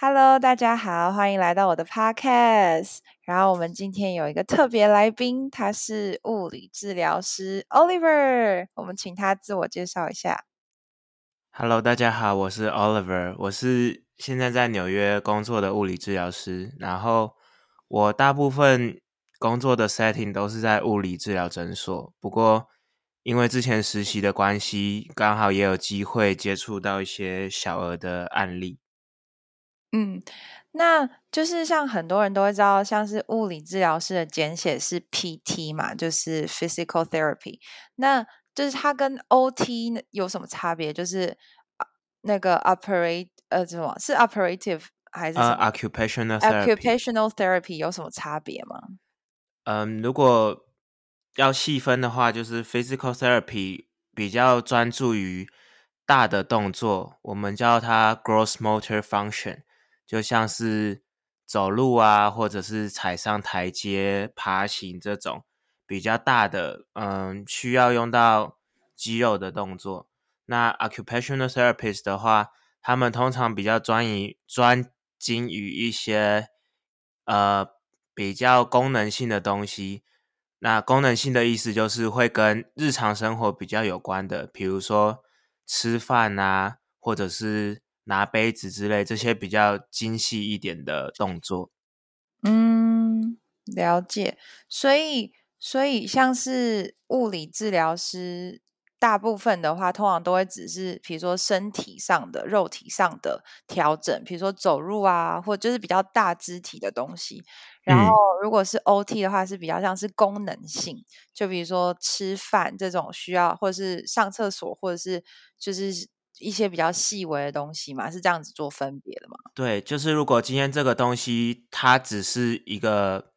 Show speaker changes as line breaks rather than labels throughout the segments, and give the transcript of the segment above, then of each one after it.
Hello，大家好，歡迎來到我的 Podcast。然後我們今天有一個特別來賓，他是物理治療師 Oliver。我們請他自我介紹一下。
Hello，大家好，我是 Oliver，我是現在在紐約工作的物理治療師。然後我大部分工作的 setting 都是在物理治療診所，不過，因為之前實習的關係，剛好也有機會接觸到一些小兒的案例。嗯，
那就是像很多人都會知道，像是物理治療師的簡寫是 PT 嘛，就是 physical therapy。那就是它跟 OT 有什麼差別？就是那個 operate 呃、什麼是 operative 還是 occupational occupational therapy 有什麼差
別嗎？嗯，如果，要細分的話，就是 physical therapy 比較專注於大的動作，我們叫它 gross motor function，就像是走路啊，或者是踩上台階、爬行這種比較大的，嗯，需要用到肌肉的動作。那 occupational therapist 的話，他們通常比較專於、專精於一些呃比較功能性的東西。那功能性的意思就是會跟日常生活比較有關的，比如說吃飯啊，或者是拿杯子之類這些比較精細一點的動作。嗯，
了解。所以，所以像是物理治療師。大部分的話，通常都會只是比如說身體上的、肉體上的調整，比如說走路啊，或者就是比較大肢體的東西。然後，如果是 OT 的話，嗯，是比較像是功能性，就比如說吃飯這種需要，或者是上廁所，或者是就是一些比較細微的東西嘛，是這樣子做分別的嘛。
對，就是如果今天這個東西它只是一個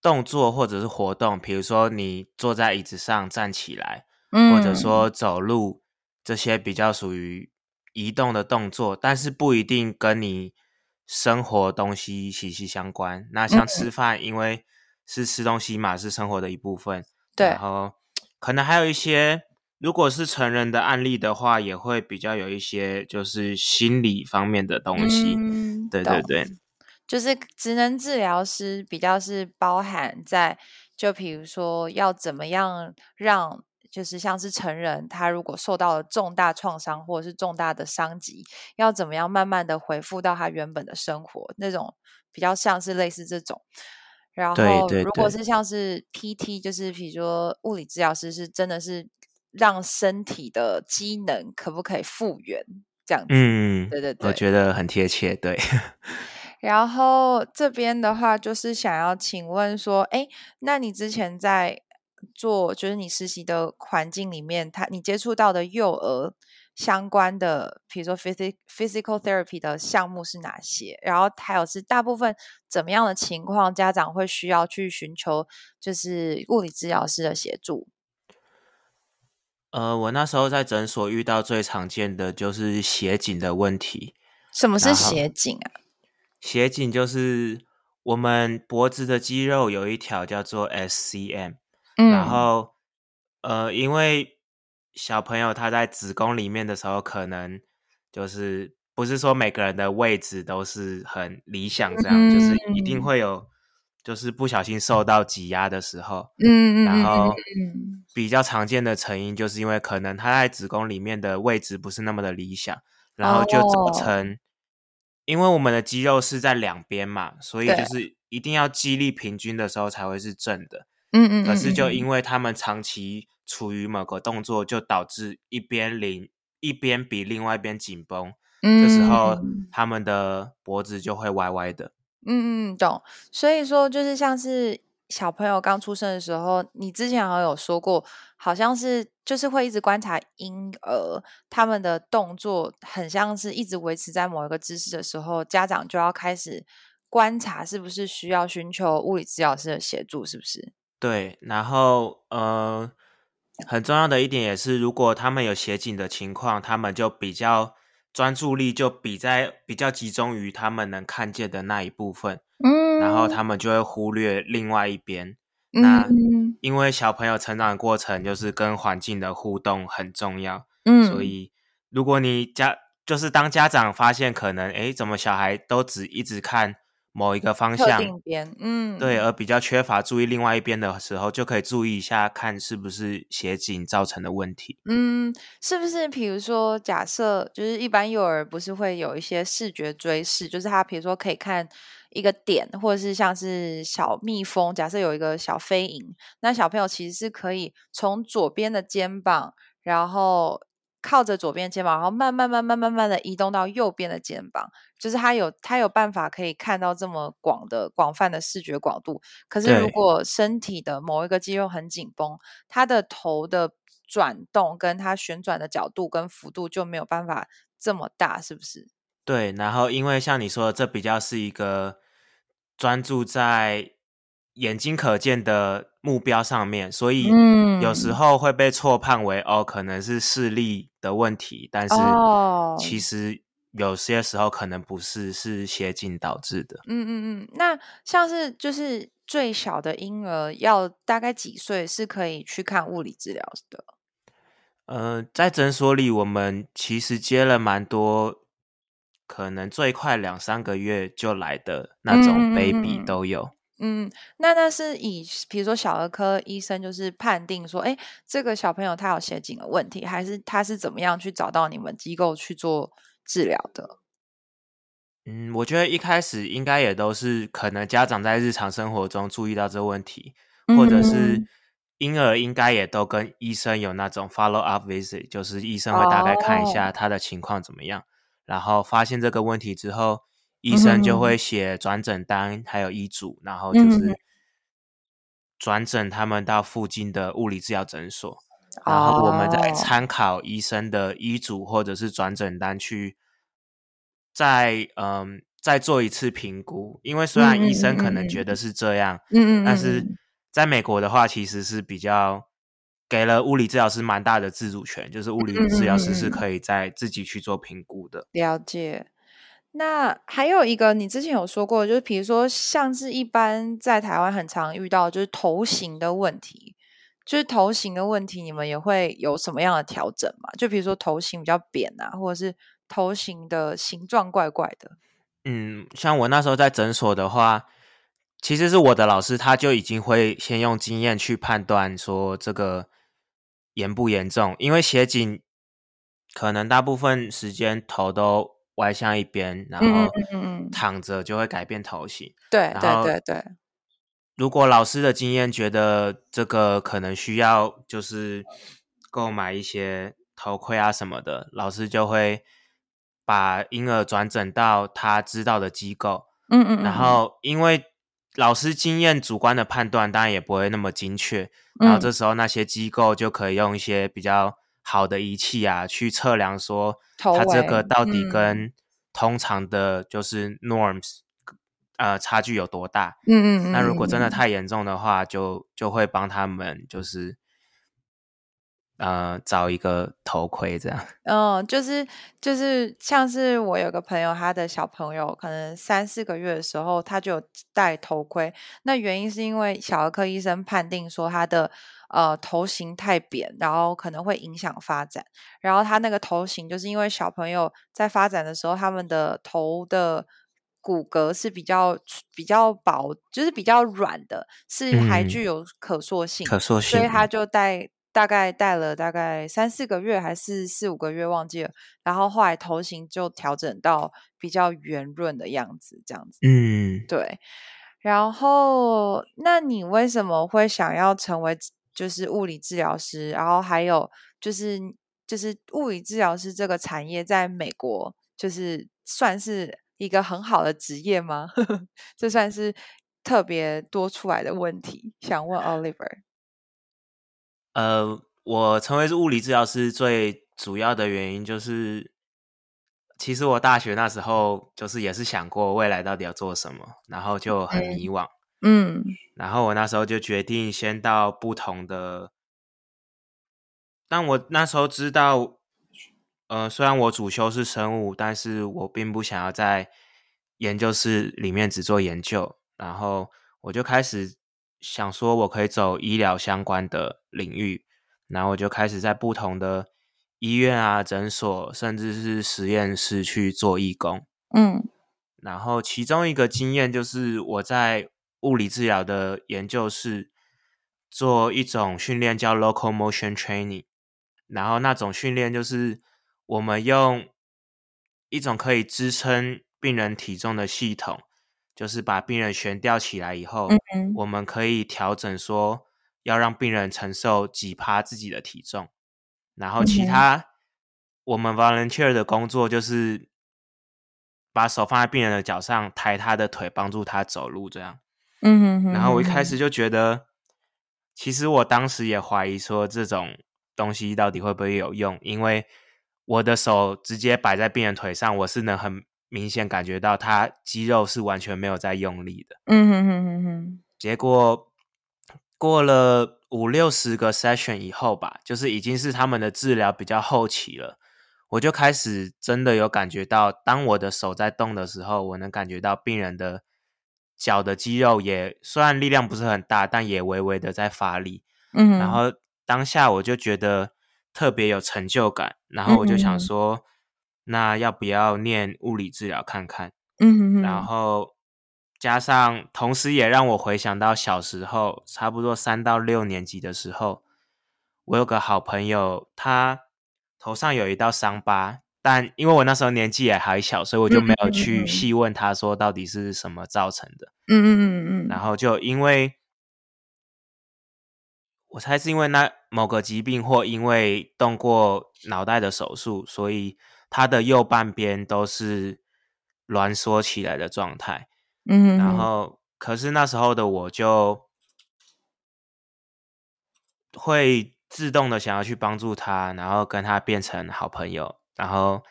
動作或者是活動，比如說你坐在椅子上站起來。或者說走路、嗯、這些比較屬於移動的動作，但是不一定跟你生活東西息息相關。那像吃飯，嗯、因為是吃東西嘛，是生活的一部分。對，然後可能還有一些，如果是成人的案例的話，也會比較有一些就是心理方面的東西。嗯、對對對，
就是職能治療師比較是包含在，就比如說要怎麼樣讓。就是像是成人，他如果受到了重大創傷或者是重大的傷及，要怎麼樣慢慢的恢復到他原本的生活那種，比較像是類似這種。然後如果是像是 PT，就是比如說物理治療師是真的是讓身體的機能可不可以復原這樣子。嗯，對對對，我覺
得很貼切。對。
然後這邊的話，就是想要請問說，哎，那你之前在做就是你實習的環境裡面，他你接觸到的幼兒相關的，比如說 physical physical therapy 的項目是哪些？然後還有是大部分怎麼樣的情況，家長會需要去尋求就是物理治療師的協助。
呃，我那時候在診所遇到最常見的就是斜頸的問題。什麼是斜頸啊？斜頸就是我們脖子的肌肉有一條叫做 SCM。然後，呃，因為小朋友他在子宮裡面的時候，可能就是不是說每個人的位置都是很理想這樣，嗯、就是一定會有就是不小心受到擠壓的時候。嗯嗯，然後比較常見的成因，就是因為可能他在子宮裡面的位置不是那麼的理想，然後就造成、哦，因為我們的肌肉是在兩邊嘛，所以就是一定要肌力平均的時候才會是正的。嗯嗯，可是就因為他們長期處於某個動作，就導致一邊零一邊比另外一邊緊繃，這時候他們的脖子就會歪歪的。
嗯嗯，懂。所以說，就是像是小朋友剛出生的時候，你之前好像有說過，好像是就是會一直觀察嬰兒他們的動作，很像是一直維持在某一個姿勢的時候，家長就要開始觀察是不是需要尋求物理治療師的協助，是不是？
對，然後嗯、呃、很重要的一點也是，如果他們有斜頸的情況，他們就比較專注力就比在比較集中於他們能看見的那一部分，嗯，然後他們就會忽略另外一邊。嗯、那因為小朋友成長的過程就是跟環境的互動很重要，嗯，所以如果你家就是當家長發現可能誒，怎麼小孩都只一直看，某一個方向，
嗯，對，
而比較缺乏注意另外一邊的時候，就可以注意一下，看是不是斜頸造成的問題。嗯，
是不是？比如說，假設就是一般幼兒不是會有一些視覺追視，就是他比如說可以看一個點，或者是像是小蜜蜂。假設有一個小飛影，那小朋友其實是可以從左邊的肩膀，然後。靠着左邊肩膀，然後慢慢慢慢慢慢的移動到右邊的肩膀，就是他有他有辦法可以看到這麼廣的廣泛的視覺廣度。可是如果身體的某一個肌肉很緊繃，他的頭的轉動跟他旋轉的角度跟幅度就沒有辦法這麼大，是不是？
對，然後因為像你說的，這比較是一個專注在眼睛可見的目標上面，所以有時候會被錯判為、嗯、哦，可能是視力的問題，但是哦，其實有些時候可能不是，是斜頸導致的。嗯
嗯嗯，那像是就是最小的嬰兒，要大概幾歲是可以去看物理治療的？
呃，在診所裡，我們其實接了蠻多，可能最快兩三個月就來的那種 baby、嗯嗯嗯、都有。
嗯，那那是以比如說小兒科醫生就是判定說，哎、欸，這個小朋友他有斜頸的問題，還是他是怎麼樣去找到你們機構去做治療的？
嗯，我覺得一開始應該也都是可能家長在日常生活中注意到這個問題，
或者是
嬰兒應該也都跟醫生有那種 follow up visit，就是醫生會大概看一下他的情況怎麼樣、哦，然後發現這個問題之後。醫生就會寫轉診單，還有醫囑，嗯、然後就是轉診他們到附近的物理治療診所，嗯，
然後我們再參
考醫生的醫囑或者是轉診單去再嗯再做一次評估。因為雖然醫生可能覺得是這樣，嗯嗯，但是在美國的話，其實是比較給了物理治療師蠻大的自主權，就是物理治療師是可以再自己去做評估的，嗯
嗯。了解。那還有一個，你之前有說過的，就是比如說，像是一般在台灣很常遇到，就是頭型的問題，就是頭型的問題，你們也會有什麼樣的調整嗎？就比如說頭型比較扁啊，或者是頭型的形狀怪怪的。
嗯，像我那時候在診所的話，其實是我的老師他就已經會先用經驗去判斷說這個嚴不嚴重，因為斜頸可能大部分時間頭都。歪向一邊，然後躺着就會改變頭型。嗯嗯，然後，對，對，對，對。如果老師的經驗覺得這個可能需要，就是購買一些頭盔啊什麼的，老師就會把嬰兒轉診到他知道的機構。嗯嗯。然後，因為老師經驗主觀的判斷，當然也不會那麼精確。然後，這時候那些機構就可以用一些比較。好的儀器啊，去測量說他這個到底跟通常的，就是 norms，嗯，呃，差距有多大？嗯，嗯嗯。那如果真的太嚴重的話，就就會幫他們就是呃找一個頭盔這樣。嗯，
就是就是像是我有個朋友，他的小朋友可能三四個月的時候，他就有戴頭盔。那原因是因為小兒科醫生判定說他的。呃，頭型太扁，然後可能會影響發展。然後他那個頭型，就是因為小朋友在發展的時候，他們的頭的骨骼是比較比較薄，就是比較軟的，是還具有可塑性，可塑性。所以他就戴大概戴了大概三四個月，還是四五個月忘記了。然後後來頭型就調整到比較圓潤的樣子，這樣子。嗯，對。然後，那你為什麼會想要成為？就是物理治療師，然後還有就是就是物理治療師這個產業在美國就是算是一個很好的職業嗎？ 這算是特別多出來的問題，想問 Oliver。
呃，我成為是物理治療師最主要的原因就是，其實我大學那時候就是也是想過未來到底要做什麼，然後就很迷惘。欸嗯，然後我那時候就決定先到不同的，但我那時候知道，呃，雖然我主修是生物，但是我並不想要在研究室裡面只做研究，然後我就開始想說我可以走醫療相關的領域，然後我就開始在不同的醫院啊、診所，甚至是實驗室去做義工，嗯，然後其中一個經驗就是我在。物理治療的研究，是做一種訓練叫 Locomotion Training，然後那種訓練就是我們用一種可以支撐病人體重的系統，就是把病人懸吊起來以後，嗯嗯，我們可以調整說要讓病人承受幾趴自己的體重，然後其他我們 Volunteer 的工作就是把手放在病人的腳上，抬他的腿，幫助他走路這樣。嗯哼哼，然後我一開始就覺得，其實我當時也懷疑說這種東西到底會不會有用，因為我的手直接擺在病人腿上，我是能很明顯感覺到他肌肉是完全沒有在用力的。嗯哼哼哼哼。結果過了五六十個 session 以後吧，就是已經是他們的治療比較後期了，我就開始真的有感覺到，當我的手在動的時候，我能感覺到病人的。腳的肌肉也雖然力量不是很大，但也微微的在發力。嗯，然後當下我就覺得特別有成就感，然後我就想說，嗯、哼哼，那要不要念物理治療看看？嗯哼哼，然後加上，同時也讓我回想到小時候，差不多三到六年級的時候，我有個好朋友，他頭上有一道傷疤。但因為我那時候年紀也還，還小，所以我就沒有去細問他說到底是什麼造成的。嗯嗯嗯嗯。然後就因為，我猜是因為那某個疾病或因為動過腦袋的手術，所以他的右半邊都是攣縮起來的狀態。嗯、嗯、嗯。然後，可是那時候的我就會自動的想要去幫助他，然後跟他變成好朋友。然後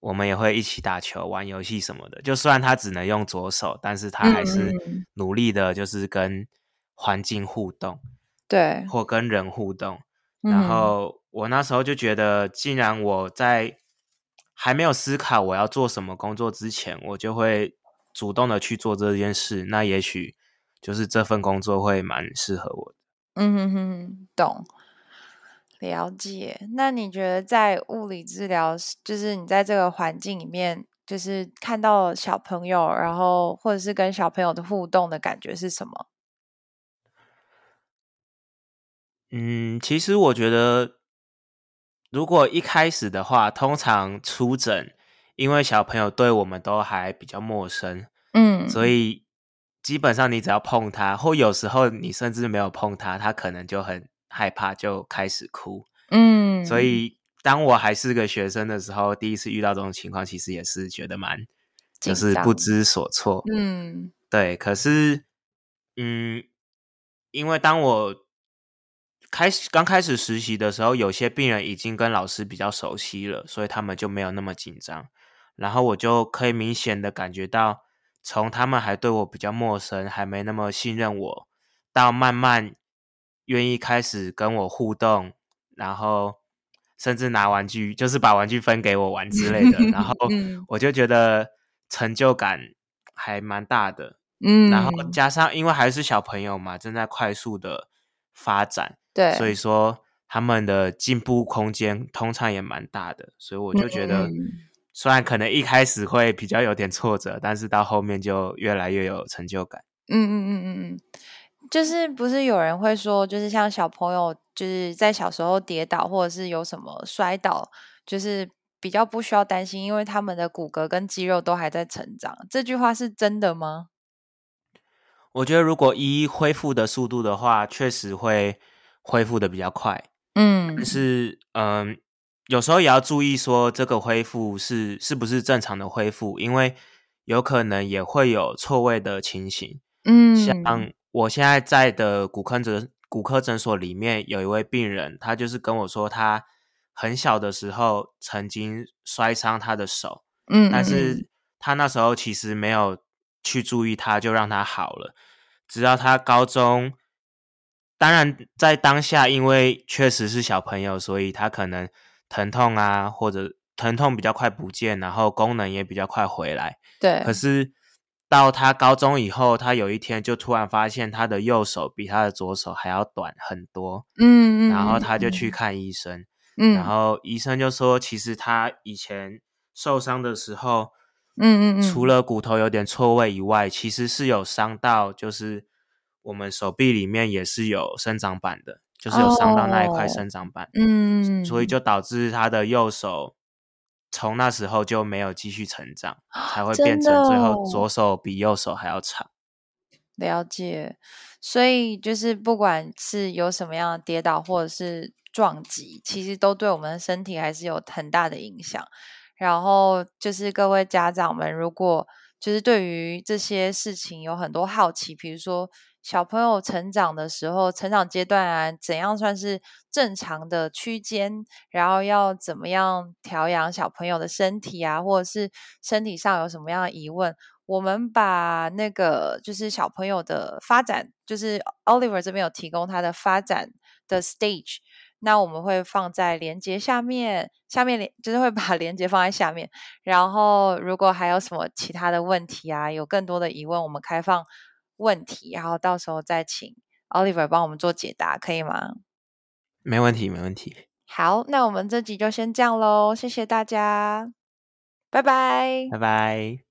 我們也會一起打球、玩遊戲什麼的。就雖然他只能用左手，但是他還是努力的，就是跟環境互動，嗯
嗯對，
或跟人互動、嗯。然後我那時候就覺得，既然我在還沒有思考我要做什麼工作之前，我就會主動的去做這件事，那也許就是這份工作會蠻適合我的。
嗯哼哼，懂。了解，那你覺得在物理治療，就是你在這個環境裡面，就是看到小朋友，然後或者是跟小朋友的互動的感覺是什麼？
嗯，其實我覺得，如果一開始的話，通常初診，因為小朋友對我們都還比較陌生，嗯，所以基本上你只要碰他，或有時候你甚至沒有碰他，他可能就很害怕就開始哭，嗯，
所以
當我還是個學生的時候，第一次遇到這種情況，其實也是覺得蠻就是不知所措，嗯，對。可是，嗯，因為當我開始剛開始實習的時候，有些病人已經跟老師比較熟悉了，所以他們就沒有那麼緊張，然後我就可以明顯的感覺到，從他們還對我比較陌生，還沒那麼信任我，到慢慢。願意開始跟我互動，然後甚至拿玩具，就是把玩具分給我玩之類的， 然後我就覺得成就感還蠻大的。嗯，然後加上因為還是小朋友嘛，正在快速的發展，對，所以說他們的進步空間通常也蠻大的，所以我就覺得，雖然可能一開始會比較有點挫折，嗯，但是到後面就越來越有成就感。嗯嗯嗯嗯嗯。
就是不是有人會說，就是像小朋友，就是在小時候跌倒或者是有什麼摔倒，就是比較不需要擔心，因為他們的骨骼跟肌肉都還在成長。這句話是真的嗎？
我覺得，如果一恢復的速度的話，確實會恢復的比較快。嗯，但是嗯，有時候也要注意說，這個恢復是是不是正常的恢復，因為有可能也會有錯位的情形。嗯，像。我現在在的骨科診骨科診所裡面，有一位病人，他就是跟我說，他很小的時候曾經摔傷他的手，嗯，嗯，但是他那時候其實沒有去注意他，他就讓他好了，直到他高中。當然，在當下，因為確實是小朋友，所以他可能疼痛啊，或者疼痛比較快不見，然後功能也比較快回來。對，可是。到他高中以後，他有一天就突然發現他的右手比他的左手還要短很多。嗯，嗯，然後他就去看醫生。嗯，然後醫生就說，其實他以前受傷的時候，嗯嗯嗯，除了骨頭有點錯位以外，嗯嗯、其實是有傷到，就是我們手臂裡面也是有生長板的，哦，就是有傷到那一塊生長板。嗯，所以就導致他的右手。從那時候就沒有繼續成長，才會變成最後左手比右手還要長。
了解，所以就是不管是有什麼樣的跌倒或者是撞擊，其實都對我們身體還是有很大的影響。然後就是各位家長們，如果就是對於這些事情有很多好奇，比如說。小朋友成長的時候，成長階段啊，怎樣算是正常的區間？然後要怎麼樣調養小朋友的身體啊，或者是身體上有什麼樣的疑問？我們把那個就是小朋友的發展，就是 Oliver 這邊有提供他的發展的 stage，那我們會放在連結下面，下面連就是會把連結放在下面。然後如果還有什麼其他的問題啊，有更多的疑問，我們開放。問題，然後到時候再請 Oliver 幫我們做解答，可以嗎？
沒問題，沒問題。
好，那我們這集就先這樣嘍，謝謝大家，拜拜、
拜拜。